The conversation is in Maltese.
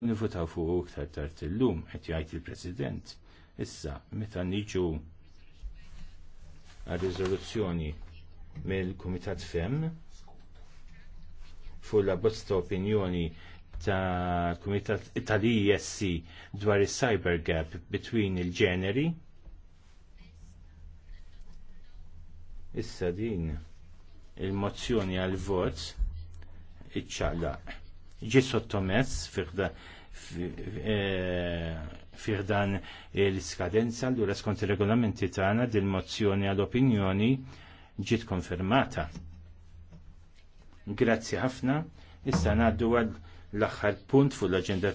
nivutaw fuq iktar tard illum qed jgħid il-President. Issa meta niġu għal riżoluzzjoni mill-Kumitat FEM fuq la bosta opinjoni ta' Kumitat tal-ISC dwar is-cyber gap between il-ġeneri. Issa din il-mozzjoni għal vot iċċaqlaq ġi sottomess firdan eh, eh, l-iskadenza l skont il-regolamenti tagħna dil-mozzjoni għall-opinjoni ġiet konfermata. Grazzi ħafna, issa naddu għal l-aħħar punt fuq l-aġenda